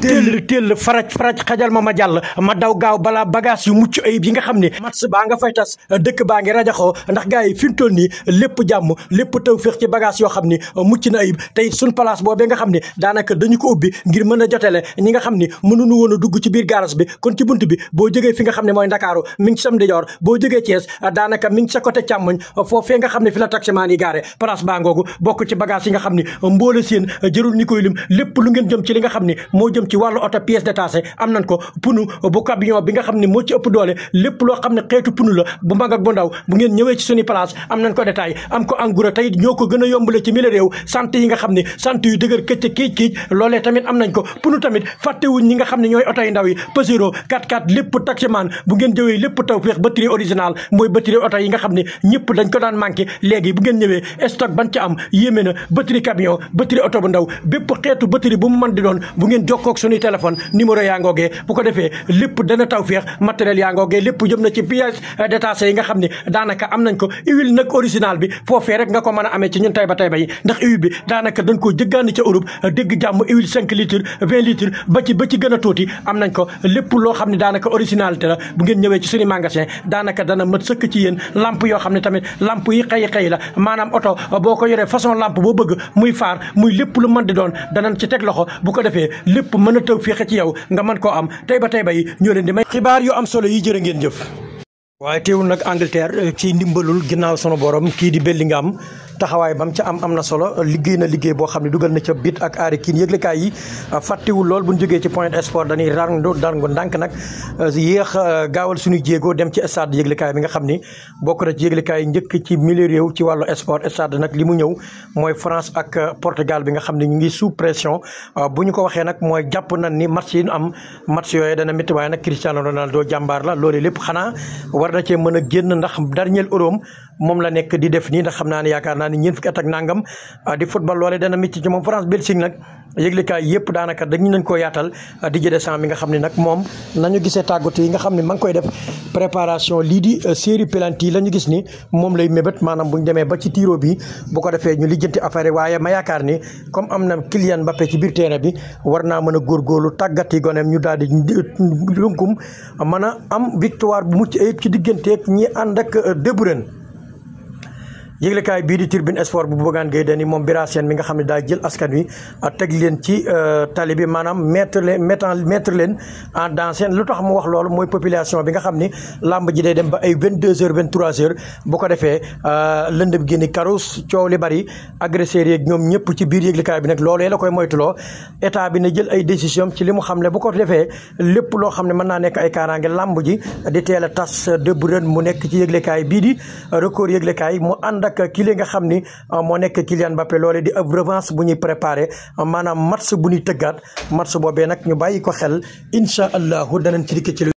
téll téll faraj faraj xajal ma ma jàll ma daw gaaw bala bagage yu mucc ayib yi nga xam ne match baa nga fay tas dëkk baa ngi rajaxoo ndax gaa yi fi mu toll nii lépp jàmm lépp taw féex ci bagage yoo xam ne mucc na te it suñ place boobee nga xam ne daanaka dañu ko ubbi ngir mën a jotele ñi nga xam ne mënuñu woon a dugg ci biir garage bi kon ci bunt bi boo jógee fi nga xam ne mooy ndakaaru mi ngi ci sam dijoor boo jógee Thiès daanaka mi ngi sa côté càmmoñ foofee nga xam ne fi la taximaan yi gaare place baa ngoogu bokk ci bagage yi nga xam ne mboole seen jërul ñi koy lim lépp lu ngeen jëm ci li nga xam ne moo jëm ci wàllu oto pièce détachée am nañ ko punu bu camion bi nga xam ne moo ci ëpp doole lépp loo xam ne xeetu punu la bu mag ak bu ndaw bu ngeen ñëwee ci suñu yi nga xam ne sant yu dëgër këcc kiic kiic loolee tamit am nañ ko punu tamit fàttewuñ ñi nga xam ne ñooy oto yu ndaw yi Peugeot ngeen jëwee lépp taw féex batterie original ñëpp dañ ko daan manqué léegi bu ngeen ñëwee stock ban ci am yéeme na batterie camion batterie oto bu ndaw bépp xeetu batterie bu mu mën di doon bu ngeen jokkook mook téléphone numéro yaa ngoogee bu ko defee lépp dana taw feex matériel yaa ngoogee lépp jëm na ci pièces détachées yi nga xam ne daanaka am nañ ko huile nag original bi foofee rek nga ko mën a amee ci ñun tay ba tay ba yi ndax huile bi daanaka dañ koo jëggaani ca Europe dégg jàmm huile cinq litres vingt litres ba ci ba ci gën a tuuti am nañ ko lépp loo xam ne daanaka originalité la bu ngeen ñëwee ci suñu magasin daanaka dana mët sëkk ci yéen lamp yoo xam ne tamit lamp yi xëy xëy la maanaam oto boo ko yoree façon lamp boo bëgg muy muy lépp lu mën di doon danañ ci teg bu ko defee lépp mën a taw féexe ci yow nga mën ko am tey ba tey bay ñoo leen di may xibaar yu am solo yi jërë ngeen jëf waaye tewu nag Angleterre ci ndimbalul ginnaaw sunu borom kii di Bellingham taxawaay bam ca am am na solo liggéey na liggéey boo xam ne dugal na ca bit ak aari kiin yëglekaay yi ah, fàttewul lool bu ñu jógee ci point sport dañuy randu dangu ndànk nag ah, ah, jéego dem ci stade yëglekaay bi nga xam ni bokk na ci yëglekaay njëkk ci milieu réew ci wàllu sport stade nag li mu ñëw mooy France ak Portugal bi nga xam ne ñu ngi sous bu ñu ko waxee nag mooy jàpp nañ ni match yi ñu am match yooyu dana métti waaye nag Cristiano Ronaldo jàmbaar la loole lépp xanaa war na cee mën a génn ndax dernier euroom moom la nekk di def nii ndax xam naan ne naa naa ni ñeent fukki at ak a ah, di football loolee dana métti ci moom France Belgique nag yëglikaay yëpp daanaka dañu nañ ko yaatal ah, Didier Deschamps mi nga xam ne nag moom nañu gisee tàggatu yi nga xam ne ma ngi koy def préparation lii di ah, série penalty yi la ñu gis ni moom lay mébét maanaam bu ñu demee ba ci tiiro bi bu ko defee ñu lijjanti affaire waaye ma yaakaar ni comme am na Kylian Mbappé ci biir terrain bi war naa mën a góor góorlu yi goneem ñu daal di dunkum mën a am victoire bu mucc ayib ci digganteeg ànd ak De Bruyne yëglekaay bii di turbine sport bu Bougane Gueye Dany moom Bira Sène mi nga xam ne daa jël askan wi ah, teg leen ci euh, tali bi maanaam mettre leen mettre leen en danger lu tax mu wax loolu mooy population bi nga xam ni làmb ji day dem ba ay vingt deux heures vingt trois heures bu ko defee euh, lëndëm gi ni karus coow li bari agresseurs yeeg ñoom ñëpp ci biir yëglekaay bi nag loolee la koy moytuloo état bi na jël ay décision ci li mu xam ne bu ko defee lépp loo xam ne mën naa nekk ay kaaraange làmb ji di teel a tas dëbb ren mu nekk ci yëglekaay bii di record yëglekaay mu ànd nag kii nga xam ni ah, moo nekk Kylian Mbappé loole di ab revanche bu ñuy préparé ah, maanaam match bu ñuy tëggaat match boobee nag ñu bàyyi ko xel incha allahu danañ ci dikk ci